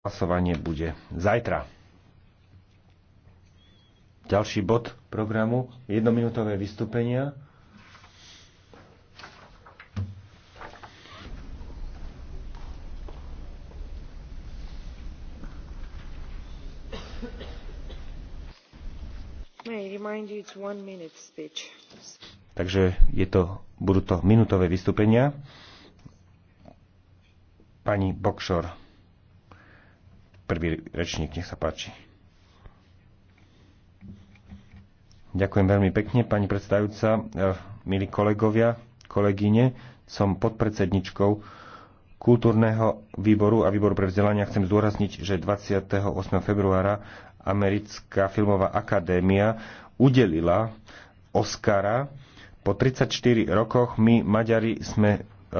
Hlasovanie bude zajtra. Ďalší bod programu, jednominútové vystúpenia. Takže je to, budú to minútové vystúpenia. Pani Bokšor. Prvý rečník, nech sa páči. Ďakujem veľmi pekne, pani predstavujúca, e, milí kolegovia, kolegyne. Som podpredsedničkou kultúrneho výboru a výboru pre vzdelania. Chcem zdôrazniť, že 28. februára Americká filmová akadémia udelila Oscara. Po 34 rokoch my, Maďari, sme E,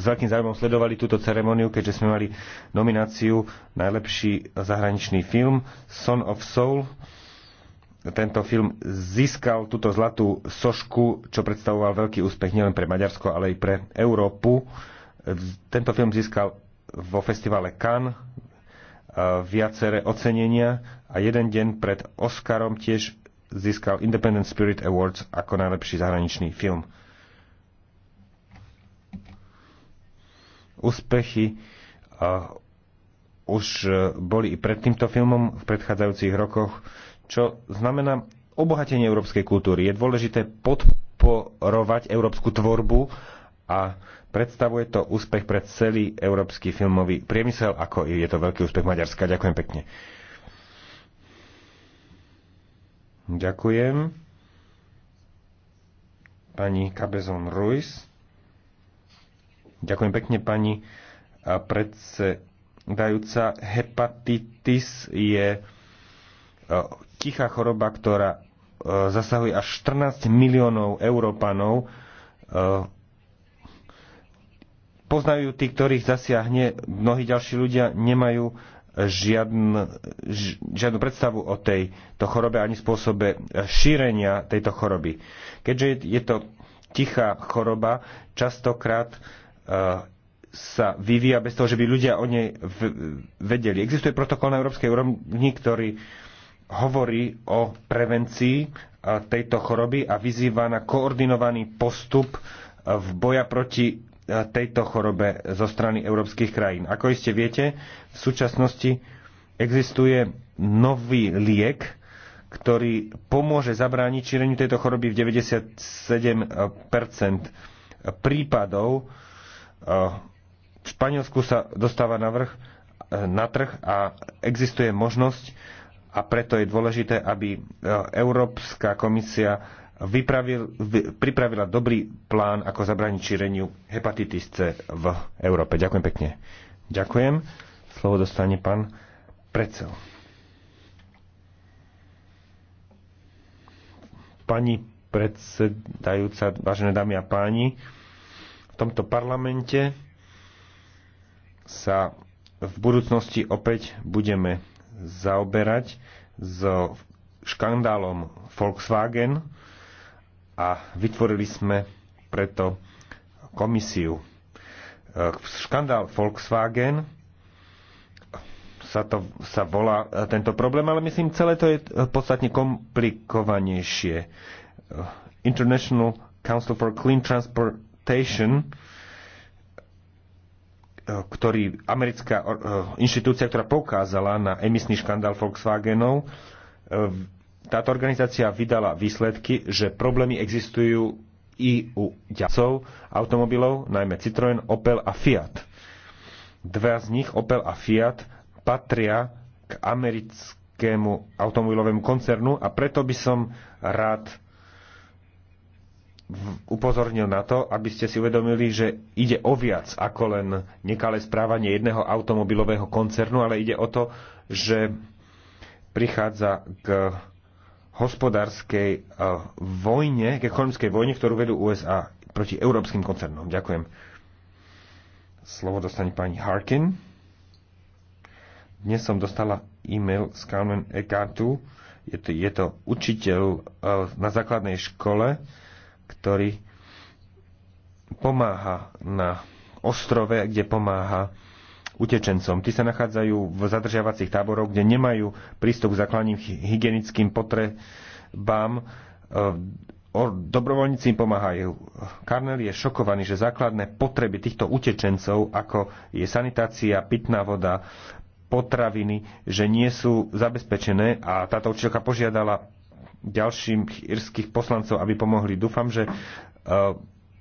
s veľkým záujmom sledovali túto ceremoniu, keďže sme mali nomináciu Najlepší zahraničný film Son of Soul. Tento film získal túto zlatú sošku, čo predstavoval veľký úspech nielen pre Maďarsko, ale aj pre Európu. Tento film získal vo festivale Cannes e, viaceré ocenenia a jeden deň pred Oscarom tiež získal Independent Spirit Awards ako najlepší zahraničný film. Úspechy už e, boli i pred týmto filmom v predchádzajúcich rokoch, čo znamená obohatenie európskej kultúry. Je dôležité podporovať európsku tvorbu a predstavuje to úspech pre celý európsky filmový priemysel, ako je to veľký úspech Maďarska. Ďakujem pekne. Ďakujem. Pani Kabezon Ruiz. Ďakujem pekne, pani predsedajúca. Hepatitis je e, tichá choroba, ktorá e, zasahuje až 14 miliónov Európanov. E, poznajú tí, ktorých zasiahne, mnohí ďalší ľudia nemajú žiadn, žiadnu predstavu o tejto chorobe ani spôsobe šírenia tejto choroby. Keďže je to tichá choroba, častokrát uh, sa vyvíja bez toho, že by ľudia o nej vedeli. Existuje protokol na európskej úrovni, ktorý hovorí o prevencii tejto choroby a vyzýva na koordinovaný postup v boja proti tejto chorobe zo strany európskych krajín. Ako iste viete, v súčasnosti existuje nový liek, ktorý pomôže zabrániť šíreniu tejto choroby v 97 prípadov v Španielsku sa dostáva na, vrch, e, na trh a existuje možnosť a preto je dôležité, aby e, Európska komisia vypravil, pripravila dobrý plán, ako zabraniť šíreniu hepatitis C v Európe. Ďakujem pekne. Ďakujem. Slovo dostane pán Precel. Pani predsedajúca, vážené dámy a páni, tomto parlamente sa v budúcnosti opäť budeme zaoberať so škandálom Volkswagen a vytvorili sme preto komisiu. Škandál Volkswagen sa, to, sa volá e, tento problém, ale myslím, celé to je e, podstatne komplikovanejšie. E, International Council for Clean Transport Plantation, eh, ktorý americká eh, inštitúcia, ktorá poukázala na emisný škandál Volkswagenov, eh, táto organizácia vydala výsledky, že problémy existujú i u ďalcov automobilov, najmä Citroën, Opel a Fiat. Dva z nich, Opel a Fiat, patria k americkému automobilovému koncernu a preto by som rád upozornil na to, aby ste si uvedomili, že ide o viac ako len nekalé správanie jedného automobilového koncernu, ale ide o to, že prichádza k hospodárskej e, vojne, k ekonomickej vojne, ktorú vedú USA proti európskym koncernom. Ďakujem. Slovo dostane pani Harkin. Dnes som dostala e-mail z Carmen Ekatu. Je to, je to učiteľ e, na základnej škole, ktorý pomáha na ostrove, kde pomáha utečencom. Tí sa nachádzajú v zadržiavacích táboroch, kde nemajú prístup k základným hygienickým potrebám. E, dobrovoľníci im pomáhajú. Karnel je šokovaný, že základné potreby týchto utečencov, ako je sanitácia, pitná voda, potraviny, že nie sú zabezpečené a táto učiteľka požiadala ďalším írskych poslancov, aby pomohli. Dúfam, že e,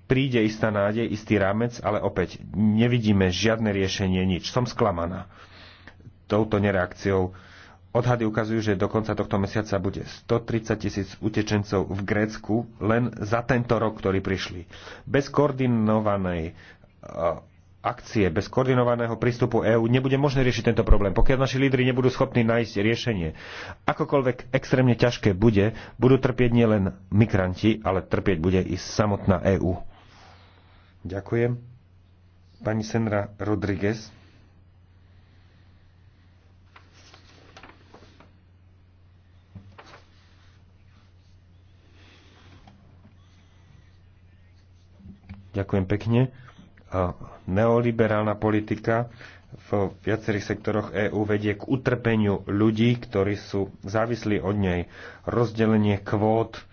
príde istá nádej, istý rámec, ale opäť nevidíme žiadne riešenie, nič. Som sklamaná touto nereakciou. Odhady ukazujú, že do konca tohto mesiaca bude 130 tisíc utečencov v Grécku len za tento rok, ktorí prišli. Bez koordinovanej e, akcie, bez koordinovaného prístupu EÚ nebude možné riešiť tento problém, pokiaľ naši lídry nebudú schopní nájsť riešenie. Akokoľvek extrémne ťažké bude, budú trpieť nielen migranti, ale trpieť bude i samotná EÚ. Ďakujem. Pani Senra Rodriguez. Ďakujem pekne neoliberálna politika v viacerých sektoroch EÚ vedie k utrpeniu ľudí, ktorí sú závislí od nej. Rozdelenie kvót, e,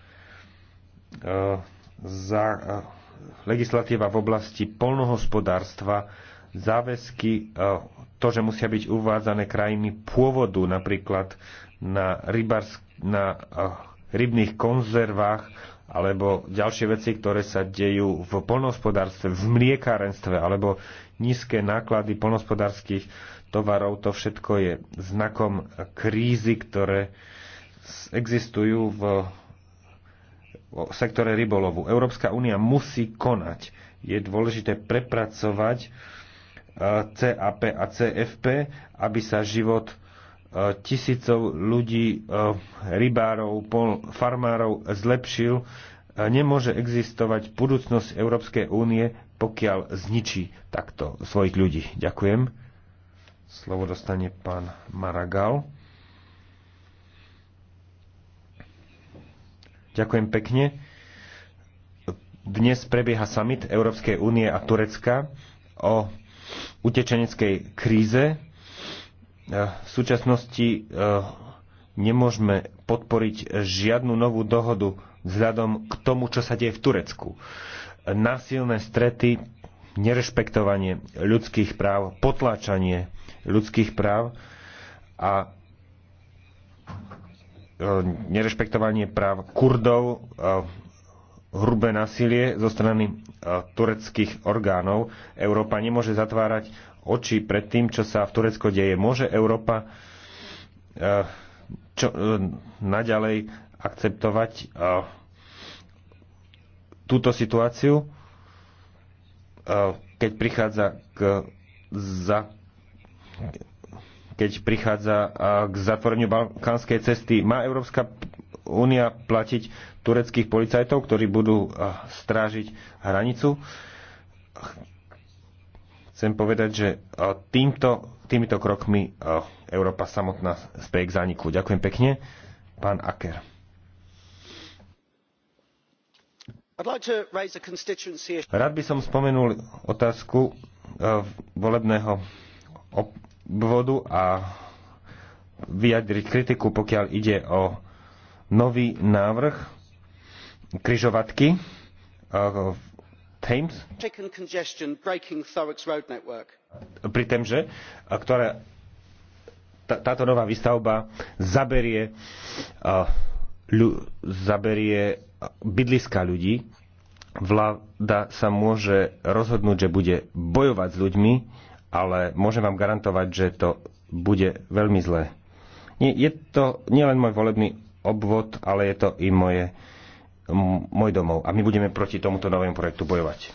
za, e, legislatíva v oblasti polnohospodárstva, záväzky, e, to, že musia byť uvádzané krajiny pôvodu, napríklad na, rybarsk- na rybných konzervách, alebo ďalšie veci, ktoré sa dejú v polnohospodárstve, v mliekárenstve, alebo nízke náklady polnohospodárských tovarov, to všetko je znakom krízy, ktoré existujú v, v sektore rybolovu. Európska únia musí konať. Je dôležité prepracovať eh, CAP a CFP, aby sa život E, tisícov ľudí, e, rybárov, farmárov zlepšil, e, nemôže existovať budúcnosť Európskej únie, pokiaľ zničí takto svojich ľudí. Ďakujem. Slovo dostane pán Maragal. Ďakujem pekne. Dnes prebieha summit Európskej únie a Turecka o utečeneckej kríze v súčasnosti e, nemôžeme podporiť žiadnu novú dohodu vzhľadom k tomu, čo sa deje v Turecku. Násilné strety, nerešpektovanie ľudských práv, potláčanie ľudských práv a e, nerešpektovanie práv Kurdov, e, hrubé násilie zo strany tureckých orgánov. Európa nemôže zatvárať oči pred tým, čo sa v Turecku deje. Môže Európa eh, čo, eh, naďalej akceptovať eh, túto situáciu, keď prichádza k za keď prichádza k zatvoreniu balkánskej cesty. Má Európska únia platiť tureckých policajtov, ktorí budú strážiť hranicu? Chcem povedať, že e, týmto, týmito krokmi e, Európa samotná spie k zániku. Ďakujem pekne. Pán Aker. Rád by som spomenul otázku e, volebného obvodu a vyjadriť kritiku, pokiaľ ide o nový návrh križovatky v Thames. Pri Temže, ktorá táto nová výstavba zaberie, ľu, zaberie bydliska ľudí. Vláda sa môže rozhodnúť, že bude bojovať s ľuďmi, ale môžem vám garantovať, že to bude veľmi zlé. Nie, je to nielen môj volebný obvod, ale je to i moje môj domov a my budeme proti tomuto novému projektu bojovať.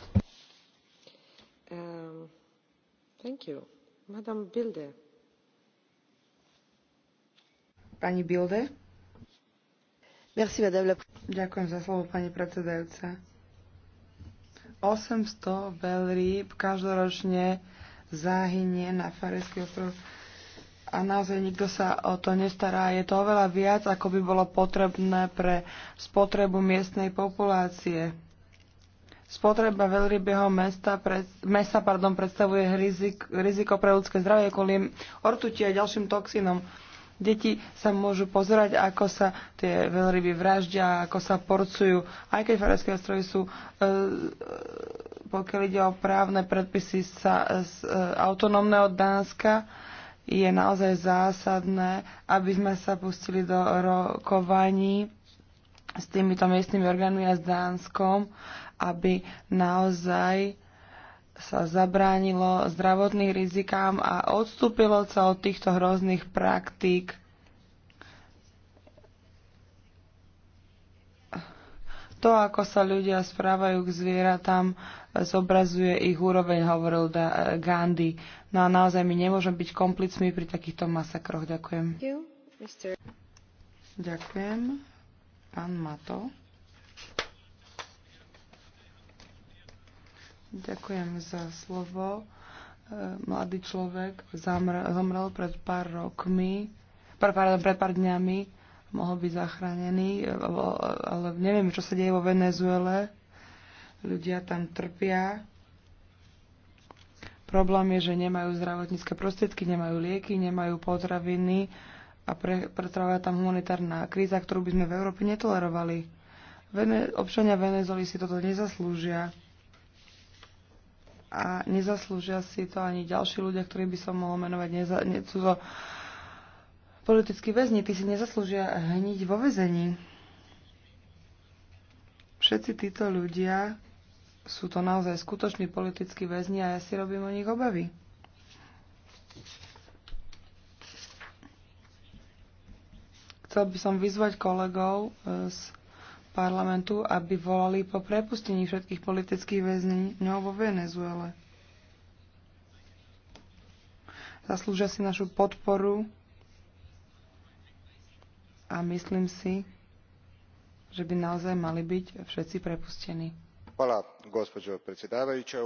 Um, thank you. Bilde. Pani Bilde. Merci, madame Ďakujem za slovo, pani predsedajúca. 800 veľrýb každoročne zahynie na Farejský ostrov a naozaj nikto sa o to nestará. Je to oveľa viac, ako by bolo potrebné pre spotrebu miestnej populácie. Spotreba veľrybieho mesta pred, mesa pardon, predstavuje rizik, riziko pre ľudské zdravie kvôli ortuti a ďalším toxinom. Deti sa môžu pozerať, ako sa tie veľryby vraždia, ako sa porcujú, aj keď farské ostrovy sú, e, e, pokiaľ ide o právne predpisy, sa, e, autonómne od Dánska je naozaj zásadné, aby sme sa pustili do rokovaní s týmito miestnymi orgánmi a s Dánskom, aby naozaj sa zabránilo zdravotným rizikám a odstúpilo sa od týchto hrozných praktík. To, ako sa ľudia správajú k zvieratám, zobrazuje ich úroveň, hovoril Gandhi No a naozaj my nemôžeme byť komplicmi pri takýchto masakroch. Ďakujem. Ďakujem. Pán Mato. Ďakujem za slovo. E, mladý človek zomrel pred pár rokmi, pár, pár, pred pár dňami, mohol byť zachránený, e, ale neviem, čo sa deje vo Venezuele. Ľudia tam trpia Problém je, že nemajú zdravotnícke prostriedky, nemajú lieky, nemajú potraviny a pre, pretrváva tam humanitárna kríza, ktorú by sme v Európe netolerovali. Vene, občania Venezuely si toto nezaslúžia a nezaslúžia si to ani ďalší ľudia, ktorí by som mohol menovať neza, ne, cudzo politickí väzni. Tí si nezaslúžia hniť vo väzení. Všetci títo ľudia sú to naozaj skutoční politickí väzni a ja si robím o nich obavy. Chcel by som vyzvať kolegov eh, z parlamentu, aby volali po prepustení všetkých politických ňou no vo Venezuele. Zaslúžia si našu podporu a myslím si, že by naozaj mali byť všetci prepustení gospođo predsedajúca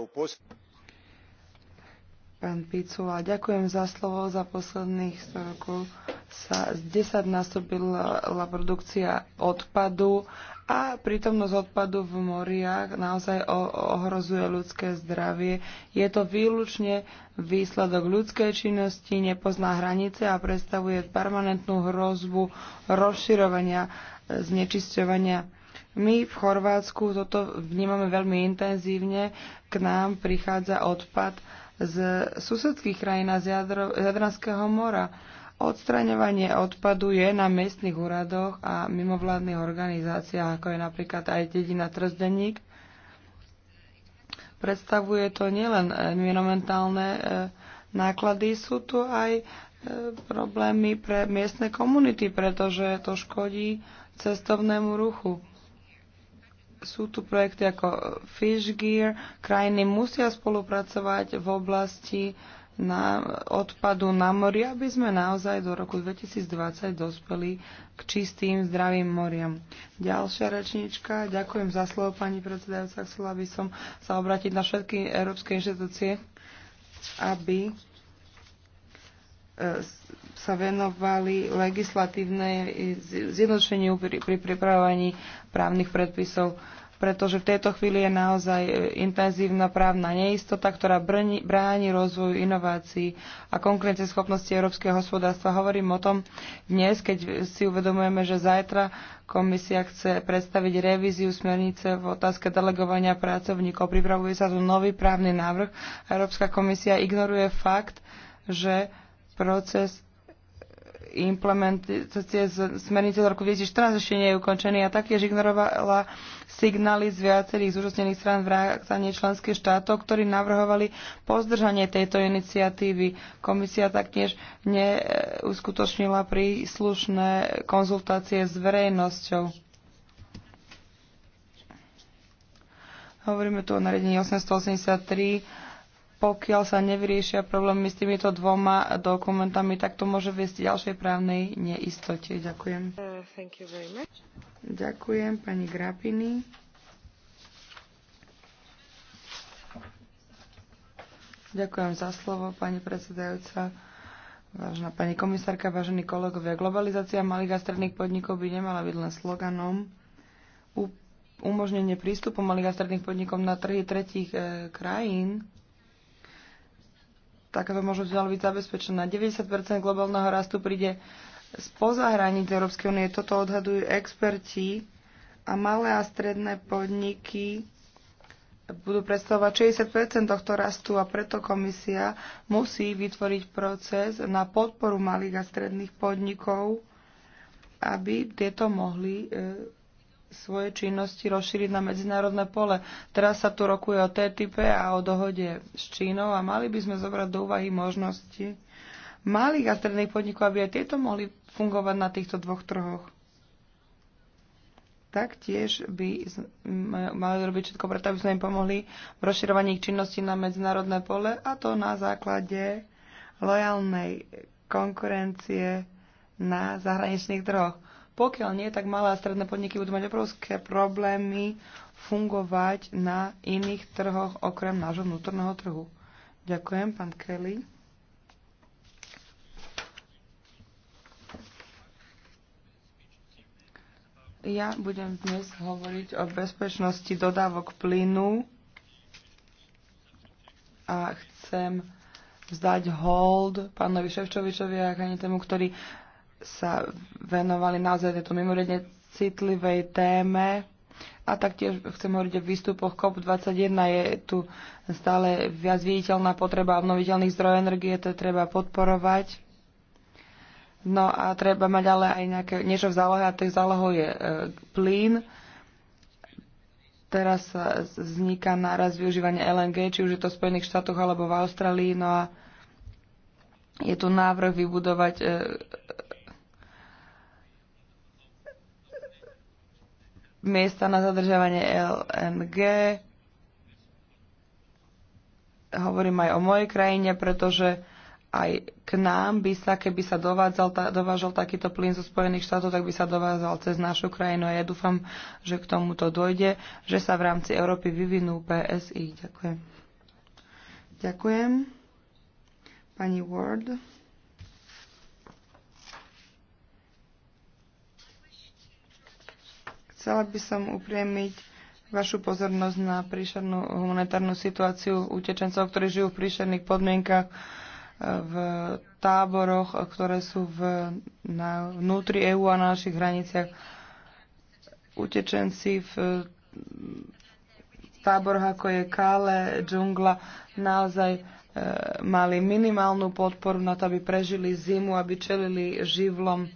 Pán Picula, ďakujem za slovo. Za posledných sto rokov sa z 10 nastúpila produkcia odpadu a prítomnosť odpadu v moriach naozaj ohrozuje ľudské zdravie. Je to výlučne výsledok ľudskej činnosti, nepozná hranice a predstavuje permanentnú hrozbu rozširovania znečisťovania my v Chorvátsku toto vnímame veľmi intenzívne. K nám prichádza odpad z susedských krajín a z Jadranského mora. Odstraňovanie odpadu je na miestnych úradoch a mimovládnych organizáciách, ako je napríklad aj dedina Trzdeník. Predstavuje to nielen environmentálne e, náklady, sú tu aj e, problémy pre miestne komunity, pretože to škodí cestovnému ruchu sú tu projekty ako Fish Gear. Krajiny musia spolupracovať v oblasti na odpadu na mori, aby sme naozaj do roku 2020 dospeli k čistým, zdravým moriam. Ďalšia rečnička. ďakujem za slovo, pani predsedajúca. Chcela by som sa obratiť na všetky európske inštitúcie, aby e, sa venovali legislatívnej zjednodušeniu pri pripravovaní právnych predpisov, pretože v tejto chvíli je naozaj e, intenzívna právna neistota, ktorá brni, bráni rozvoju inovácií a konkurencieschopnosti európskeho hospodárstva. Hovorím o tom dnes, keď si uvedomujeme, že zajtra komisia chce predstaviť revíziu smernice v otázke delegovania pracovníkov. Pripravuje sa tu nový právny návrh a Európska komisia ignoruje fakt, že proces implementácie smernice z roku 2014 ešte nie je ukončený a taktiež ignorovala signály z viacerých zúčastnených strán vrátane členských štátov, ktorí navrhovali pozdržanie tejto iniciatívy. Komisia taktiež neuskutočnila príslušné konzultácie s verejnosťou. Hovoríme tu o nariadení 883 pokiaľ sa nevyriešia problémy s týmito dvoma dokumentami, tak to môže viesť ďalšej právnej neistote. Ďakujem. Uh, Ďakujem pani Grapini. Ďakujem za slovo, pani predsedajúca. Vážená pani komisárka, vážení kolegovia, globalizácia malých a stredných podnikov by nemala byť len sloganom. umožnenie prístupu malých a stredných podnikov na trhy tretích e, krajín takáto možnosť mala byť zabezpečená. 90 globálneho rastu príde spoza hraníc Európskej únie. Toto odhadujú experti a malé a stredné podniky budú predstavovať 60 tohto rastu a preto komisia musí vytvoriť proces na podporu malých a stredných podnikov, aby tieto mohli e, svoje činnosti rozšíriť na medzinárodné pole. Teraz sa tu rokuje o TTIP a o dohode s Čínou a mali by sme zobrať do úvahy možnosti malých a stredných podnikov, aby aj tieto mohli fungovať na týchto dvoch trhoch. Taktiež by mali robiť všetko preto, aby sme im pomohli v rozširovaní ich činnosti na medzinárodné pole a to na základe lojálnej konkurencie na zahraničných trhoch. Pokiaľ nie, tak malé a stredné podniky budú mať obrovské problémy fungovať na iných trhoch okrem nášho vnútorného trhu. Ďakujem, pán Kelly. Ja budem dnes hovoriť o bezpečnosti dodávok plynu a chcem vzdať hold pánovi Ševčovičovi a ani tomu, ktorý sa venovali naozaj tejto mimoriadne citlivej téme. A taktiež chcem hovoriť o výstupoch COP21. Je tu stále viac viditeľná potreba obnoviteľných zdrojov energie, to treba podporovať. No a treba mať ale aj nejaké, niečo v zálohe a tých zálohou je e, plyn. Teraz vzniká náraz využívania LNG, či už je to v Spojených štátoch alebo v Austrálii. No a je tu návrh vybudovať e, miesta na zadržiavanie LNG. Hovorím aj o mojej krajine, pretože aj k nám by sa, keby sa dovádzal, tá, dovážal takýto plyn zo Spojených štátov, tak by sa dovázal cez našu krajinu. A ja dúfam, že k tomuto dojde, že sa v rámci Európy vyvinú PSI. Ďakujem. Ďakujem. Pani Ward. Chcela by som upriemiť vašu pozornosť na príšernú humanitárnu situáciu utečencov, ktorí žijú v príšerných podmienkach v táboroch, ktoré sú v, na, vnútri EÚ a na našich hraniciach. Utečenci v táboroch, ako je Kále, džungla, naozaj e, mali minimálnu podporu na to, aby prežili zimu, aby čelili živlom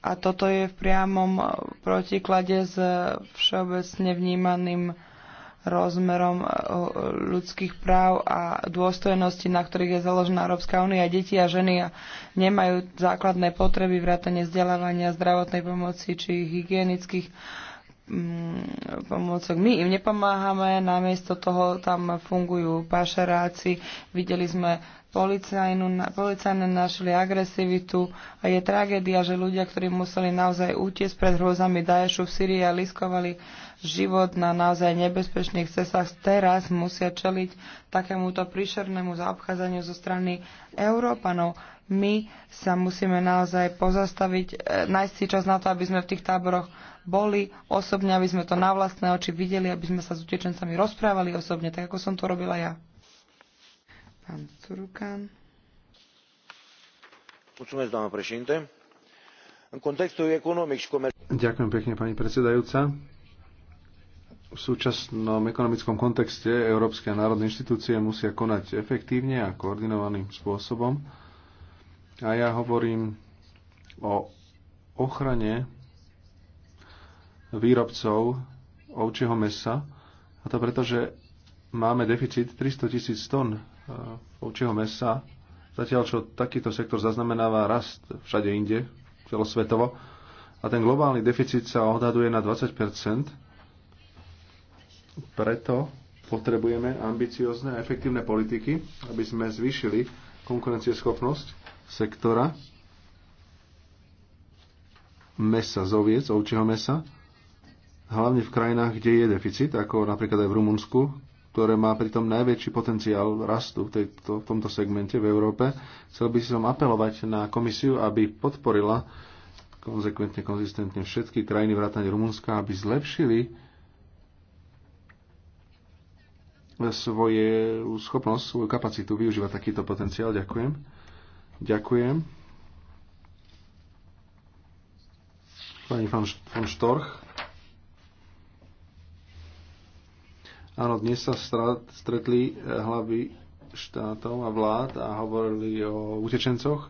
a toto je v priamom e, protiklade s e, všeobecne vnímaným e, rozmerom ľudských práv a dôstojnosti, na ktorých je založená Európska únia. Deti a ženy nemajú základné potreby vrátane vzdelávania, zdravotnej pomoci či hygienických Mm, pomôcok. My im nepomáhame, namiesto toho tam fungujú pašeráci. Videli sme policajnú, policajné našli agresivitu a je tragédia, že ľudia, ktorí museli naozaj utiesť pred hrozami Daešu v Syrii a liskovali život na naozaj nebezpečných cestách, teraz musia čeliť takémuto príšernému zaobchádzaniu zo strany Európanov my sa musíme naozaj pozastaviť, eh, nájsť si čas na to, aby sme v tých táboroch boli osobne, aby sme to na vlastné oči videli, aby sme sa s utečencami rozprávali osobne, tak ako som to robila ja. Pán Curukan. Mulțumesc, doamnă președinte. În contextul economic și comercial... Ďakujem pekne, pani predsedajúca. V súčasnom ekonomickom kontexte európske a národné inštitúcie musia konať efektívne a koordinovaným spôsobom. A ja hovorím o ochrane výrobcov ovčieho mesa. A to preto, že máme deficit 300 tisíc tón e, ovčieho mesa, zatiaľ čo takýto sektor zaznamenáva rast všade inde, celosvetovo. A ten globálny deficit sa odhaduje na 20 Preto potrebujeme ambiciozne a efektívne politiky, aby sme zvýšili konkurencieschopnosť sektora mesa z oviec, ovčieho mesa, hlavne v krajinách, kde je deficit, ako napríklad aj v Rumunsku, ktoré má pritom najväčší potenciál rastu v, tejto, v tomto segmente v Európe. Chcel by som apelovať na komisiu, aby podporila konzekventne, konzistentne všetky krajiny vrátane Rumunska, aby zlepšili svoje schopnosť, svoju kapacitu využívať takýto potenciál. Ďakujem. Ďakujem. Pani von Storch. Áno, dnes sa stretli eh, hlavy štátov a vlád a hovorili o utečencoch.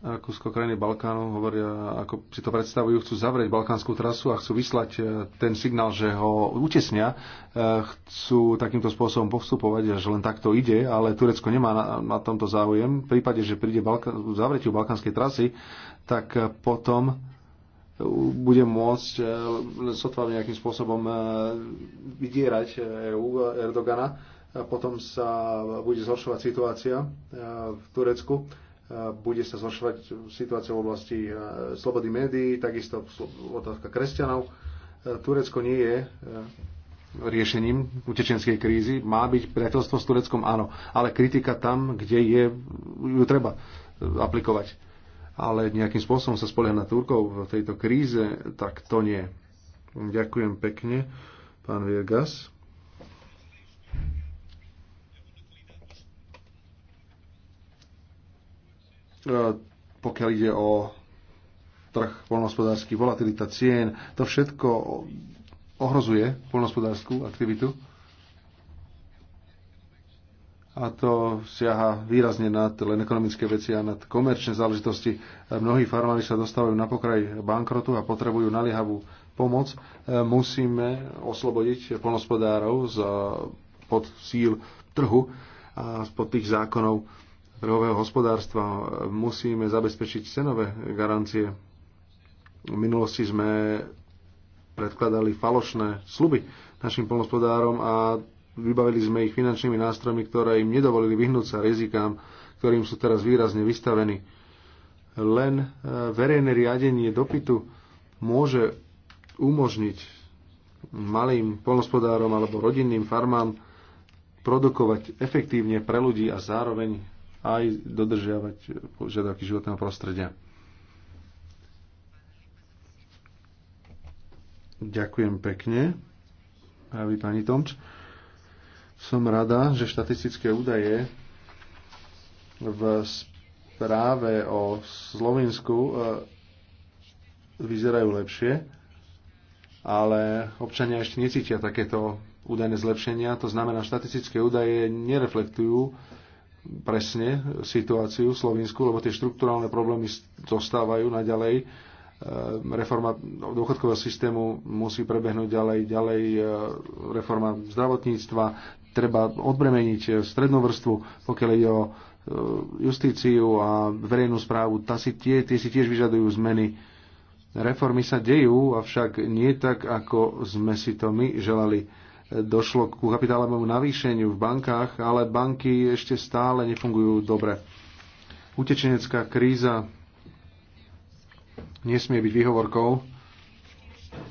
A Kusko krajiny Balkánu hovoria, ako si to predstavujú, chcú zavrieť balkánsku trasu a chcú vyslať eh, ten signál, že ho utesnia. Eh, chcú takýmto spôsobom postupovať, že len takto ide, ale Turecko nemá na, na tomto záujem. V prípade, že príde Balka- zavretiu balkánskej trasy, tak potom bude môcť e, len sotva nejakým spôsobom e, vydierať EU e Erdogana. Potom sa bude zhoršovať situácia v Turecku. Bude sa zhoršovať situácia v oblasti slobody médií, takisto otázka kresťanov. Turecko nie je riešením utečenskej krízy. Má byť priateľstvo s Tureckom? Áno. Ale kritika tam, kde je, ju treba aplikovať ale nejakým spôsobom sa spoliehať na Turkov v tejto kríze, tak to nie. Ďakujem pekne, pán Viergas. E, pokiaľ ide o trh poľnohospodársky, volatilita cien, to všetko ohrozuje poľnohospodárskú aktivitu a to siaha výrazne nad len ekonomické veci a nad komerčné záležitosti. Mnohí farmári sa dostávajú na pokraj bankrotu a potrebujú naliehavú pomoc. E, musíme oslobodiť polnospodárov z e, pod síl trhu a spod tých zákonov trhového hospodárstva. Musíme zabezpečiť cenové garancie. V minulosti sme predkladali falošné sluby našim polnospodárom a vybavili sme ich finančnými nástrojmi, ktoré im nedovolili vyhnúť sa rizikám, ktorým sú teraz výrazne vystavení. Len e, verejné riadenie dopytu môže umožniť malým polnospodárom alebo rodinným farmám produkovať efektívne pre ľudí a zároveň aj dodržiavať požiadavky životného prostredia. Ďakujem pekne, pani Tomč. Som rada, že štatistické údaje v správe o Slovensku e, vyzerajú lepšie, ale občania ešte necítia takéto údajné zlepšenia. To znamená, štatistické údaje nereflektujú presne situáciu v Slovensku, lebo tie štruktúrálne problémy zostávajú naďalej. E, reforma dôchodkového systému musí prebehnúť ďalej, ďalej e, reforma zdravotníctva, treba odbremeniť eh, strednú vrstvu, pokiaľ ide o eh, justíciu a verejnú správu, tá si tie, tie si tiež vyžadujú zmeny. Reformy sa dejú, avšak nie tak, ako sme si to my želali. Došlo ku kapitálovému navýšeniu v bankách, ale banky ešte stále nefungujú dobre. Utečenecká kríza nesmie byť výhovorkou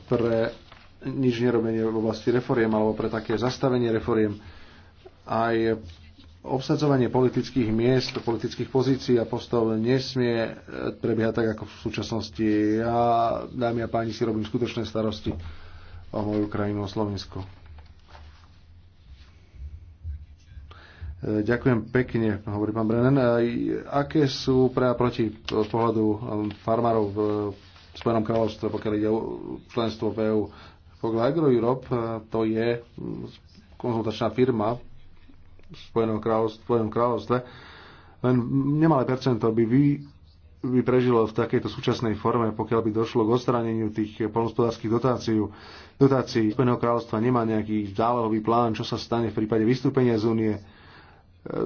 pre nič nerobenie v oblasti reforiem alebo pre také zastavenie reforiem aj obsadzovanie politických miest, politických pozícií a postov nesmie e, prebiehať tak, ako v súčasnosti. Ja, dámy a páni, si robím skutočné starosti o moju krajinu, o Slovensku. E, ďakujem pekne, hovorí pán Brennan. E, aké sú pre a proti z pohľadu farmárov v Spojenom kráľovstve, pokiaľ ide o členstvo v EU? Pokiaľ Agro Europe to je konzultačná firma Spojenom kráľovstve, len nemalé percento by vy by prežilo v takejto súčasnej forme, pokiaľ by došlo k odstraneniu tých polnospodárských dotácií. Dotácií Spojeného kráľovstva nemá nejaký zálohový plán, čo sa stane v prípade vystúpenia z únie.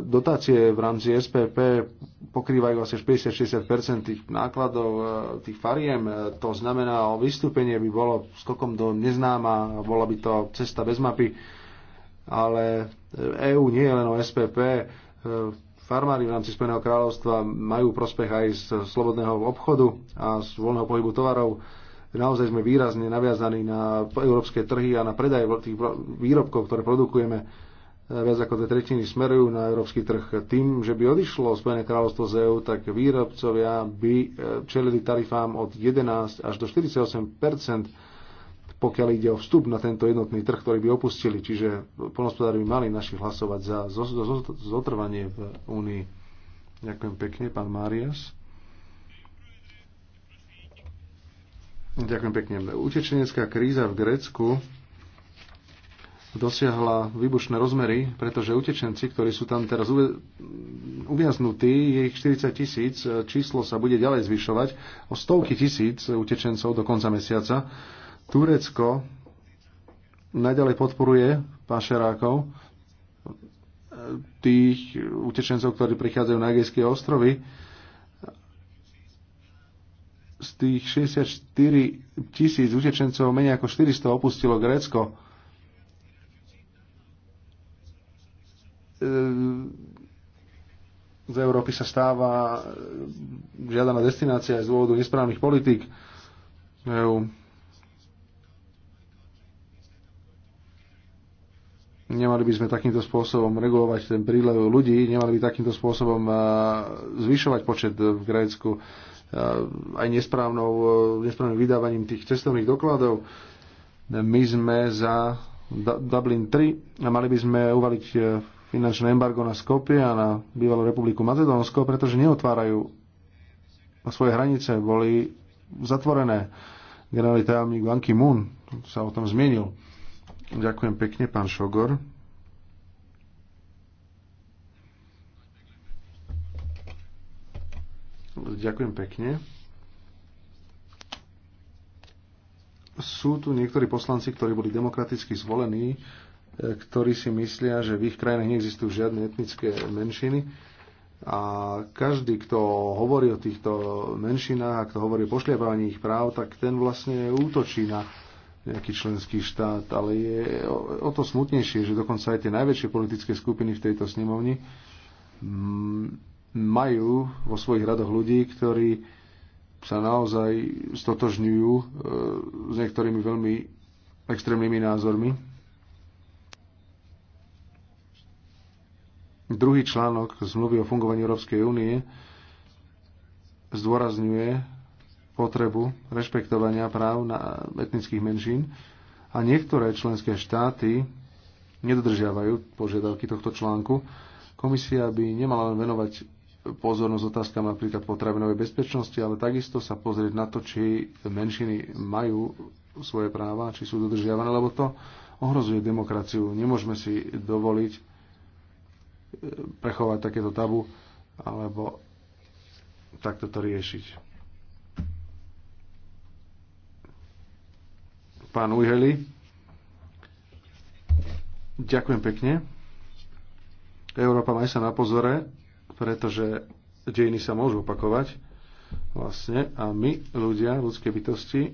Dotácie v rámci SPP pokrývajú asi 50-60 tých nákladov e, tých fariem. E, to znamená, o vystúpenie by bolo skokom do neznáma, bola by to cesta bez mapy ale EÚ nie je len o SPP. E, farmári v rámci Spojeného kráľovstva majú prospech aj z slobodného obchodu a z voľného pohybu tovarov. Naozaj sme výrazne naviazaní na európske trhy a na predaj tých výrobkov, ktoré produkujeme. E, viac ako dve tretiny smerujú na európsky trh. Tým, že by odišlo Spojené kráľovstvo z EÚ, tak výrobcovia by e, čelili tarifám od 11 až do 48 pokiaľ ide o vstup na tento jednotný trh, ktorý by opustili. Čiže polnospodári by mali naši hlasovať za zotrvanie v Únii. Ďakujem pekne, pán Marias. Ďakujem pekne. Utečenecká kríza v Grécku dosiahla výbušné rozmery, pretože utečenci, ktorí sú tam teraz uviaznutí, je ich 40 tisíc, číslo sa bude ďalej zvyšovať o stovky tisíc utečencov do konca mesiaca Turecko najďalej podporuje pašerákov, tých utečencov, ktorí prichádzajú na Egejské ostrovy. Z tých 64 tisíc utečencov menej ako 400 opustilo Grécko. E, z Európy sa stáva žiadaná destinácia aj z dôvodu nesprávnych politík. E, Nemali by sme takýmto spôsobom regulovať ten prílev ľudí, nemali by takýmto spôsobom e, zvyšovať počet v Grécku e, aj nesprávnou, e, nesprávnym vydávaním tých cestovných dokladov. My sme za Dublin 3 a mali by sme uvaliť finančné embargo na Skopie a na bývalú republiku Macedónsko, pretože neotvárajú svoje hranice, boli zatvorené. Generálny tajomník Ban Ki-moon sa o tom zmienil Ďakujem pekne, pán Šogor. Ďakujem pekne. Sú tu niektorí poslanci, ktorí boli demokraticky zvolení, e, ktorí si myslia, že v ich krajinách neexistujú žiadne etnické menšiny. A každý, kto hovorí o týchto menšinách a kto hovorí o pošliapávaní ich práv, tak ten vlastne útočí na nejaký členský štát, ale je o, o to smutnejšie, že dokonca aj tie najväčšie politické skupiny v tejto snemovni mm, majú vo svojich radoch ľudí, ktorí sa naozaj stotožňujú e, s niektorými veľmi extrémnymi názormi. Druhý článok zmluvy o fungovaní Európskej únie zdôrazňuje potrebu rešpektovania práv na etnických menšín a niektoré členské štáty nedodržiavajú požiadavky tohto článku. Komisia by nemala len venovať pozornosť otázkam napríklad potravinovej bezpečnosti, ale takisto sa pozrieť na to, či menšiny majú svoje práva, či sú dodržiavané, lebo to ohrozuje demokraciu. Nemôžeme si dovoliť e, prechovať takéto tabu alebo takto to riešiť. pán Ujheli. Ďakujem pekne. Európa maj sa na pozore, pretože dejiny sa môžu opakovať vlastne a my, ľudia, ľudské bytosti,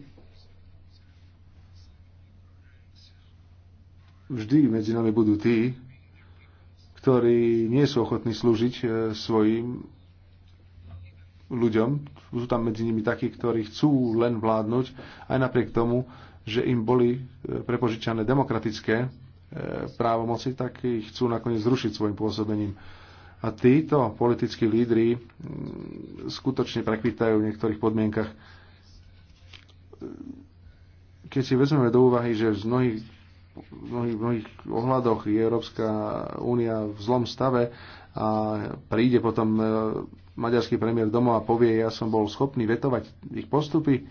vždy medzi nami budú tí, ktorí nie sú ochotní slúžiť e, svojim ľuďom. Sú tam medzi nimi takí, ktorí chcú len vládnuť, aj napriek tomu, že im boli e, prepožičané demokratické e, právomoci, tak ich chcú nakoniec zrušiť svojim pôsobením. A títo politickí lídry skutočne prekvitajú v niektorých podmienkach. Keď si vezmeme do úvahy, že v mnohých, mnohých, mnohých ohľadoch je Európska únia v zlom stave a príde potom e, maďarský premiér domov a povie, ja som bol schopný vetovať ich postupy,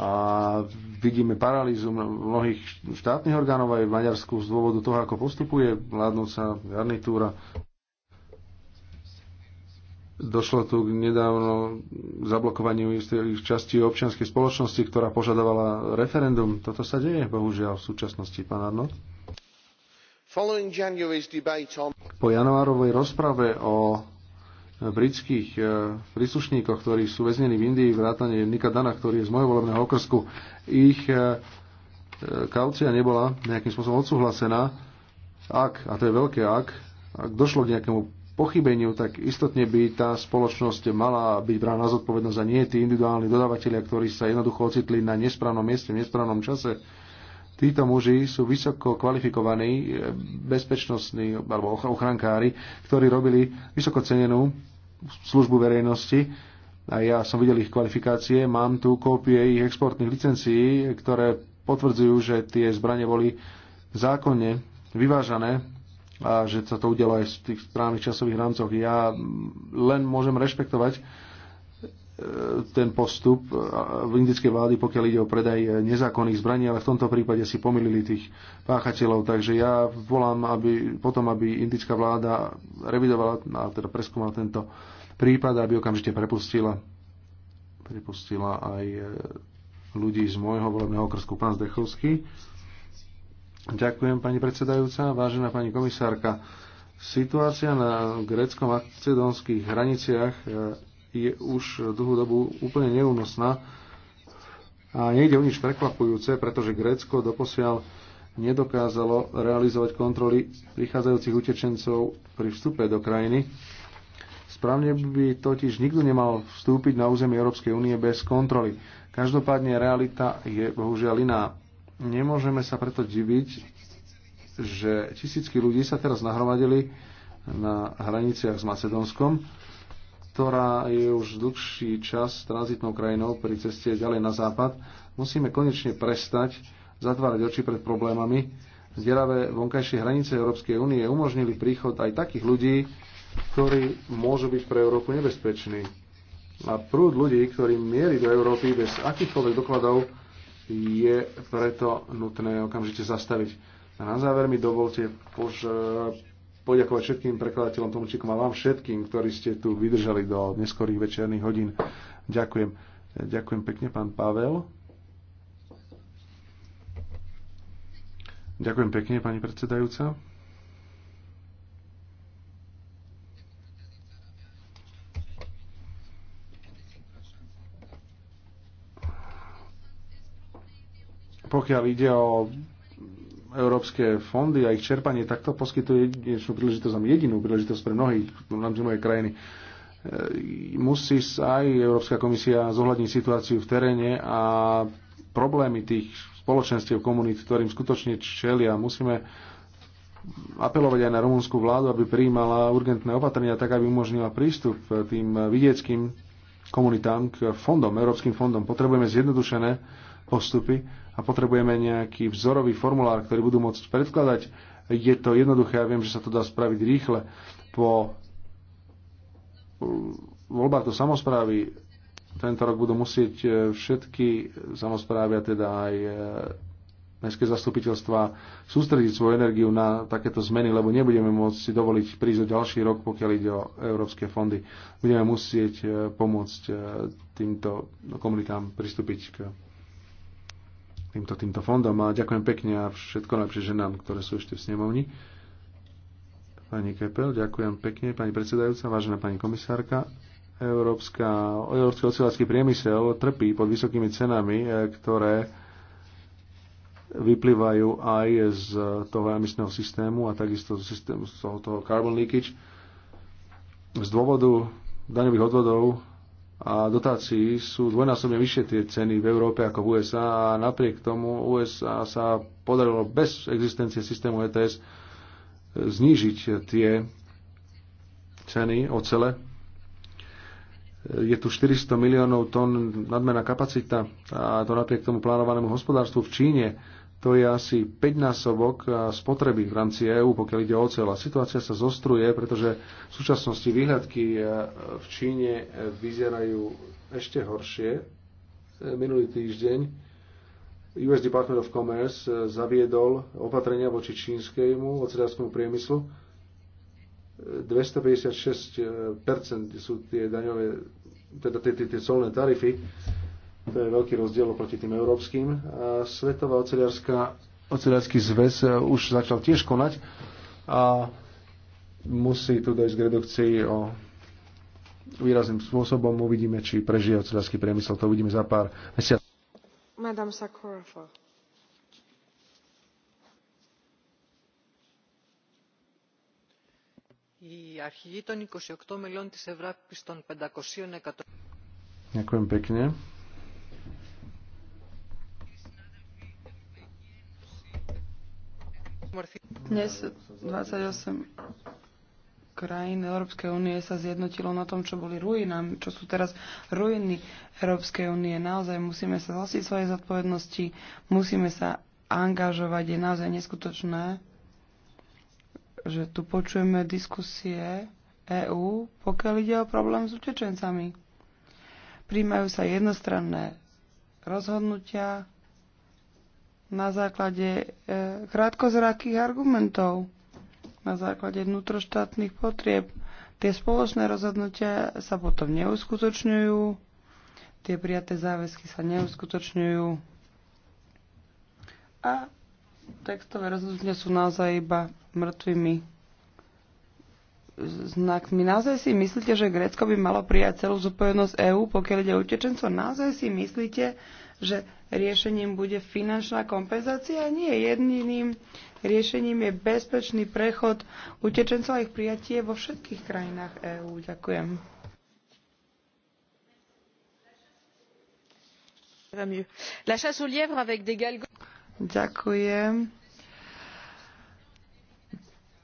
a vidíme paralýzu mnohých štátnych orgánov aj v Maďarsku z dôvodu toho, ako postupuje vládnúca garnitúra. Došlo tu k nedávno zablokovaniu istých častí občianskej spoločnosti, ktorá požadovala referendum. Toto sa deje, bohužiaľ, v súčasnosti, pán Arnold. Po januárovej rozprave o britských e, príslušníkoch, ktorí sú väznení v Indii, vrátane Nika Dana, ktorý je z mojho volebného okrsku, ich e, e, kaucia nebola nejakým spôsobom odsúhlasená. Ak, a to je veľké ak, ak došlo k nejakému pochybeniu, tak istotne by tá spoločnosť mala byť brána zodpovednosť a nie tí individuálni dodávateľia, ktorí sa jednoducho ocitli na nesprávnom mieste, v nesprávnom čase. Títo muži sú vysoko kvalifikovaní bezpečnostní alebo ochrankári, ktorí robili cenenú službu verejnosti. A ja som videl ich kvalifikácie, mám tu kópie ich exportných licencií, ktoré potvrdzujú, že tie zbranie boli zákonne vyvážané a že sa to udialo aj v tých správnych časových rámcoch. Ja len môžem rešpektovať ten postup v indickej vlády, pokiaľ ide o predaj e, nezákonných zbraní, ale v tomto prípade si pomýlili tých páchateľov. Takže ja volám aby, potom, aby indická vláda revidovala a teda preskúmala tento prípad, aby okamžite prepustila, prepustila aj e, ľudí z môjho volebného okrsku, pán Zdechovský. Ďakujem, pani predsedajúca, vážená pani komisárka. Situácia na grécko-macedónskych hraniciach e, je už dlhú dobu úplne neúnosná a nejde o nič prekvapujúce, pretože Grécko doposiaľ nedokázalo realizovať kontroly prichádzajúcich utečencov pri vstupe do krajiny. Správne by totiž nikto nemal vstúpiť na územie Európskej únie bez kontroly. Každopádne realita je bohužiaľ iná. Nemôžeme sa preto diviť, že tisícky ľudí sa teraz nahromadili na hraniciach s Macedónskom ktorá je už dlhší čas tranzitnou krajinou pri ceste ďalej na západ, musíme konečne prestať zatvárať oči pred problémami. Zdieravé vonkajšie hranice Európskej únie umožnili príchod aj takých ľudí, ktorí môžu byť pre Európu nebezpeční. A prúd ľudí, ktorí mierí do Európy bez akýchkoľvek dokladov, je preto nutné okamžite zastaviť. A na záver mi dovolte poďakovať všetkým prekladateľom, tlmočníkom a vám všetkým, ktorí ste tu vydržali do neskorých večerných hodín. Ďakujem. Ďakujem pekne, pán Pavel. Ďakujem pekne, pani predsedajúca. Pokiaľ ide o európske fondy a ich čerpanie takto poskytuje jedinečnú príležitosť, jedinú príležitosť pre mnohých v rámci mojej krajiny. E, musí sa aj Európska komisia zohľadniť situáciu v teréne a problémy tých spoločenstiev, komunít, ktorým skutočne čelia. Musíme apelovať aj na rumúnsku vládu, aby prijímala urgentné opatrenia, tak aby umožnila prístup tým vidieckým komunitám k fondom, európskym fondom. Potrebujeme zjednodušené postupy a potrebujeme nejaký vzorový formulár, ktorý budú môcť predkladať. Je to jednoduché, ja viem, že sa to dá spraviť rýchle. Po mm, voľbách do samozprávy tento rok budú musieť e, všetky samozprávy, a teda aj e, mestské zastupiteľstva sústrediť svoju energiu na takéto zmeny, lebo nebudeme môcť si dovoliť prísť o ďalší rok, pokiaľ ide o európske fondy. Budeme musieť e, pomôcť týmto komunitám pristúpiť k týmto, týmto fondom a ďakujem pekne a všetko najlepšie ženám, ktoré sú ešte v snemovni. Pani Kepel, ďakujem pekne, pani predsedajúca, vážená pani komisárka. Európska, európsky ocelácky priemysel trpí pod vysokými cenami, e, ktoré vyplývajú aj z toho emisného systému a takisto z, systému, z toho, toho carbon leakage z dôvodu daňových odvodov a dotácií sú dvojnásobne vyššie tie ceny v Európe ako v USA a napriek tomu USA sa podarilo bez existencie systému ETS znížiť tie ceny ocele. Je tu 400 miliónov tón nadmerná kapacita a to napriek tomu plánovanému hospodárstvu v Číne to je asi 5-násobok spotreby v rámci EÚ, pokiaľ ide o oceľ. A situácia sa zostruje, pretože v súčasnosti výhľadky e, v Číne e, vyzerajú ešte horšie. E, minulý týždeň US Department of Commerce zaviedol opatrenia voči čínskejmu ocelárskému priemyslu. 256% sú tie daňové, teda tie, tie, tie colné tarify to je veľký rozdiel oproti tým európskym. Svetová oceliarská, oceliarský zväz eh, už začal tiež konať a musí tu dojsť k redukcii o výrazným spôsobom. Uvidíme, či prežije oceliarský priemysel. To uvidíme za pár mesiacov. Madame Sakurova. η αρχηγή των 28 της Ευρώπης των 500 εκατομμυρίων. Dnes 28 krajín Európskej únie sa zjednotilo na tom, čo boli ruinami, čo sú teraz ruiny Európskej únie. Naozaj musíme sa zhostiť svoje zodpovednosti, musíme sa angažovať. Je naozaj neskutočné, že tu počujeme diskusie EÚ, pokiaľ ide o problém s utečencami. Príjmajú sa jednostranné rozhodnutia, na základe e, krátkozrakých argumentov, na základe vnútroštátnych potrieb. Tie spoločné rozhodnutia sa potom neuskutočňujú, tie prijaté záväzky sa neuskutočňujú a textové rozhodnutia sú naozaj iba mŕtvými znakmi. Naozaj si myslíte, že Grécko by malo prijať celú zodpovednosť EÚ, pokiaľ ide o utečencov? Naozaj si myslíte, že riešením bude finančná kompenzácia. Nie, jediným riešením je bezpečný prechod utečencov a ich prijatie vo všetkých krajinách EÚ. Ďakujem. Ďakujem.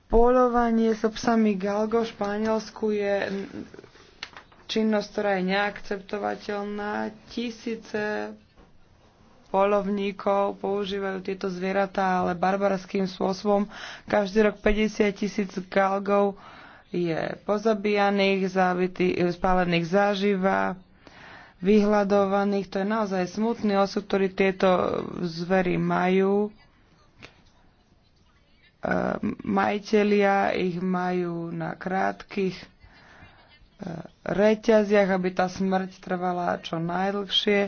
Polovanie so psami Galgo v Španielsku je činnosť, ktorá je neakceptovateľná. Tisíce polovníkov používajú tieto zvieratá, ale barbarským spôsobom. Každý rok 50 tisíc galgov je pozabíjaných, spálených záživa, vyhľadovaných. To je naozaj smutný osud, ktorý tieto zvery majú. Ehm, Majiteľia ich majú na krátkých ehm, reťaziach, aby tá smrť trvala čo najdlhšie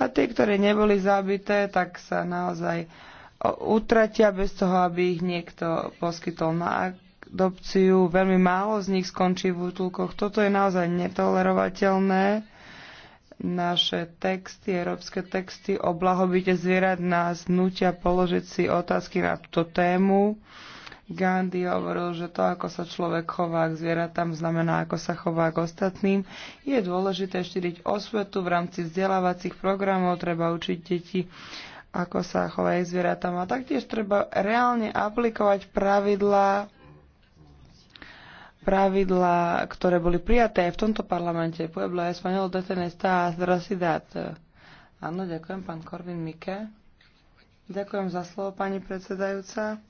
a tie, ktoré neboli zabité, tak sa naozaj utratia bez toho, aby ich niekto poskytol na adopciu. Veľmi málo z nich skončí v útulkoch. Toto je naozaj netolerovateľné. Naše texty, európske texty o blahobite zvierat nás nutia položiť si otázky na túto tému. Gandhi hovoril, že to, ako sa človek chová k zvieratám, znamená, ako sa chová k ostatným. Je dôležité šíriť osvetu v rámci vzdelávacích programov, treba učiť deti, ako sa chovajú k zvieratám. A taktiež treba reálne aplikovať pravidlá, pravidlá, ktoré boli prijaté v tomto parlamente. Pueblo Espanol de Tenesta a Zdrasidat. Áno, ďakujem, pán Korvin Mike. Ďakujem za slovo, pani predsedajúca.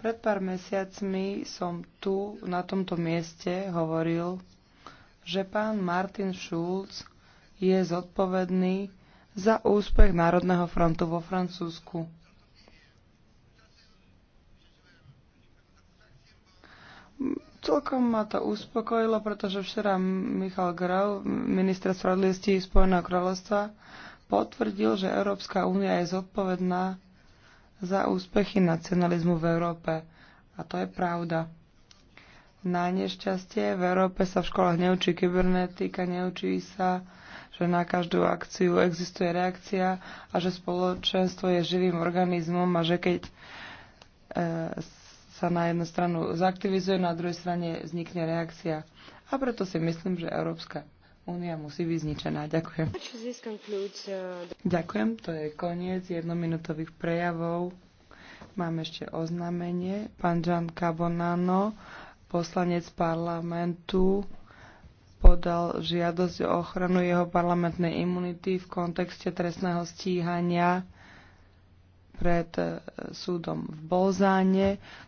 Pred pár mesiacmi som tu, na tomto mieste, hovoril, že pán Martin Schulz je zodpovedný za úspech Národného frontu vo Francúzsku. Celkom ma to uspokojilo, pretože včera Michal Grau, minister spravodlivosti Spojeného kráľovstva, potvrdil, že Európska únia je zodpovedná za úspechy nacionalizmu v Európe. A to je pravda. Na nešťastie v Európe sa v školách neučí kybernetika, neučí sa, že na každú akciu existuje reakcia a že spoločenstvo je živým organizmom a že keď e, sa na jednu stranu zaktivizuje, na druhej strane vznikne reakcia. A preto si myslím, že Európska Únia musí byť zničená. Ďakujem. Ďakujem, to je koniec jednominútových prejavov. Mám ešte oznámenie. Pán Gian Cabonano, poslanec parlamentu, podal žiadosť o ochranu jeho parlamentnej imunity v kontexte trestného stíhania pred eh, súdom v Bolzáne.